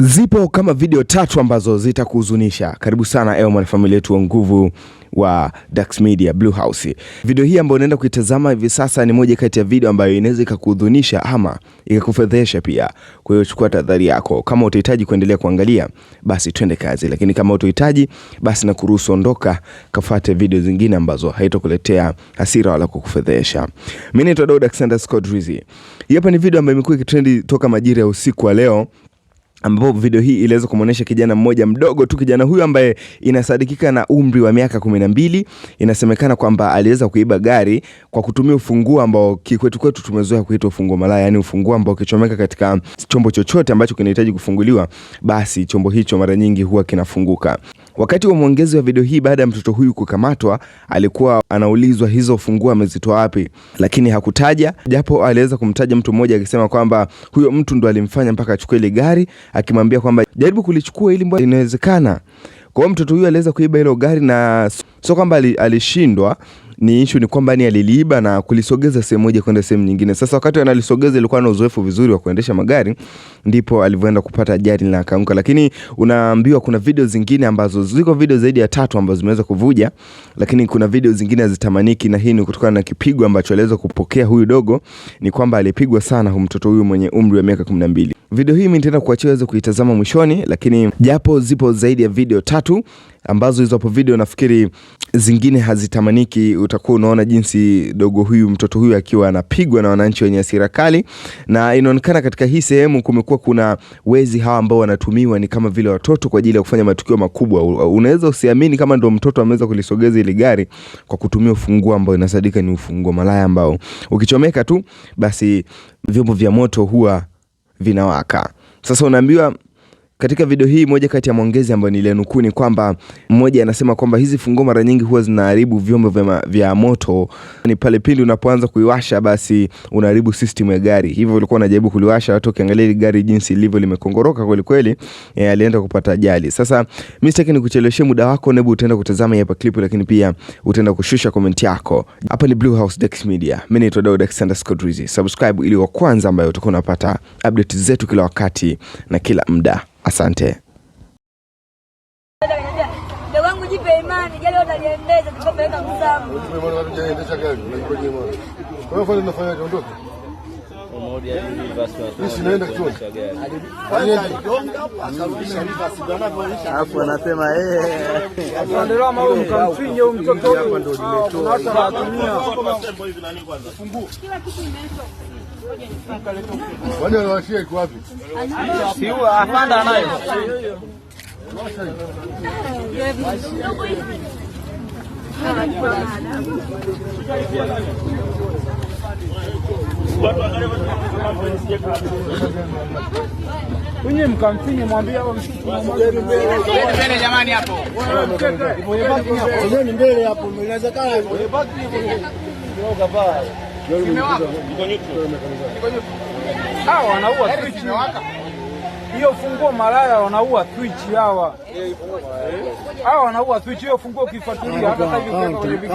Zipo kama video tatu ambazo zitakuhuzunisha. Karibu sana ewe mwanafamilia yetu wa nguvu wa Dax Media Blue House. Video hii ambayo unaenda kuitazama hivi sasa ni moja kati ya video ambayo inaweza ikakuhuzunisha ama ikakufedhesha pia. Kwa hiyo chukua tahadhari yako. Kama utahitaji kuendelea kuangalia, basi twende kazi, lakini kama utahitaji, basi na kuruhusu ondoka, kafuate video zingine ambazo haitokuletea hasira wala kukufedhesha. Mimi ni Dax_Drizzy. Hapa ni video ambayo imekuwa ikitrendi toka majira ya usiku wa leo ambapo video hii iliweza kumwonyesha kijana mmoja mdogo tu. Kijana huyu ambaye inasadikika na umri wa miaka kumi na mbili, inasemekana kwamba aliweza kuiba gari kwa kutumia ufunguo ambao kikwetu kwetu tumezoea kuita ufunguo malaya, yani ufunguo ambao ukichomeka katika chombo chochote ambacho kinahitaji kufunguliwa, basi chombo hicho mara nyingi huwa kinafunguka. Wakati wa mwongezi wa video hii, baada ya mtoto huyu kukamatwa, alikuwa anaulizwa hizo funguo amezitoa wapi, lakini hakutaja, japo aliweza kumtaja mtu mmoja akisema kwamba huyo mtu ndo alimfanya mpaka achukue ile gari, akimwambia kwamba jaribu kulichukua ili mbwa inawezekana. Kwa hiyo mtoto huyu aliweza kuiba hilo gari na Sio kwamba alishindwa ni ishu ni kwamba ni aliliiba na kulisogeza sehemu moja kwenda sehemu nyingine. Sasa wakati analisogeza ilikuwa na uzoefu vizuri wa kuendesha magari, ndipo alivyoenda kupata ajali na akaanguka. Lakini unaambiwa kuna video zingine ambazo ziko video zaidi ya tatu ambazo zimeweza kuvuja, lakini kuna video zingine hazitamaniki, na hii ni kutokana na kipigo ambacho aliweza kupokea huyu dogo. Ni kwamba alipigwa sana huyu mtoto huyu mwenye umri wa miaka 12. Video hii mimi nitaenda kuachia uweze kuitazama mwishoni, lakini japo zipo zaidi ya video tatu ambazo hizo hapo video nafikiri zingine hazitamaniki. Utakuwa unaona jinsi dogo huyu mtoto huyu akiwa anapigwa na wananchi wenye hasira kali, na inaonekana katika hii sehemu kumekuwa kuna wezi hawa ambao wanatumiwa ni kama vile watoto kwa ajili ya kufanya matukio makubwa. Unaweza usiamini kama ndo mtoto ameweza kulisogeza ile gari kwa kutumia ufunguo ambao inasadika ni ufunguo malaya ambao ukichomeka tu basi vyombo vya moto huwa vinawaka. Sasa unaambiwa katika video hii moja kati ya mwongezi ambayo nilianukuu ni kwamba mmoja anasema kwamba hizi funguo mara nyingi huwa zinaharibu vyombo vya, vya moto, ni pale pindi unapoanza kuiwasha basi unaharibu system ya gari. Hivyo ulikuwa unajaribu kuliwasha, watu ukiangalia ile gari jinsi ilivyo limekongoroka kweli kweli, e, alienda kupata ajali. Sasa mimi sitaki nikucheleweshe muda wako, nebu utaenda kutazama hapa clip, lakini pia utaenda kushusha comment yako. Hapa ni Blue House Dax Media, mimi naitwa Dax underscore Drizzy. Subscribe ili wa kwanza ambayo utakuwa unapata update zetu kila wakati na kila muda. Asante. Alafu anasema eh. Kwani wanawashia iko wapi? Siua afanda anayo. Nyinyi mkamfinye mwambie hapo mbele jamani hapo. Mbele hapo inawezekana. Hawa wanaua Twitch. Hiyo funguo malaya wanaua Twitch hawa. Hawa wanaua Twitch hiyo funguo kifuatilia hata hivi kwa kwenye biki.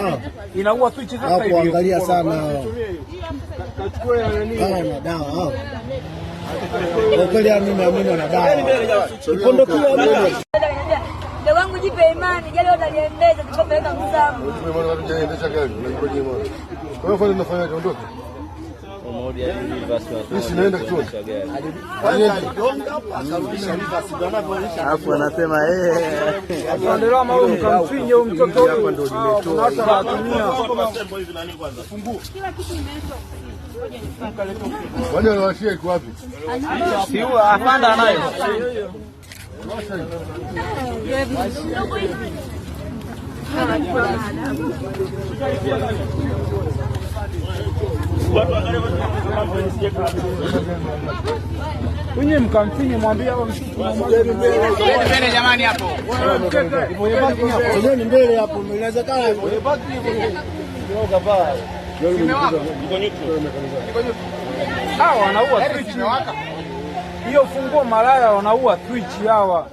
Inaua Twitch sasa hivi. Angalia sana. Kachukua nini? Hawa dawa hawa. Kwa kweli mimi naamini wana dawa. Yaani Ipondokiwa yaani mimi. Wangu jipe imani, jali utaliendesha tukapeleka mzamu. Tumeona watu jaliendesha gari, unaikoje mwana? Alafu anasema eh, eh, eh. ah, anawashia iko wapi? Afanda anayo Nyinyi mkamfinye mwambia mbele jamani hapo. ni mbele hapo. Inawezekana Hawa wanaua Twitch. Hiyo funguo malaya wanaua Twitch hawa.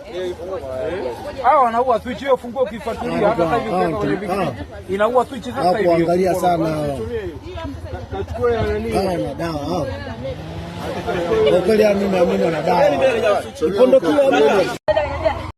Hawa wanaua Twitch hiyo funguo ukifuatilia hata hivi inaua Twitch sasa hivi. Hapo angalia sana wana dawa kwa kweli, mimi naamini wana dawa ipondokia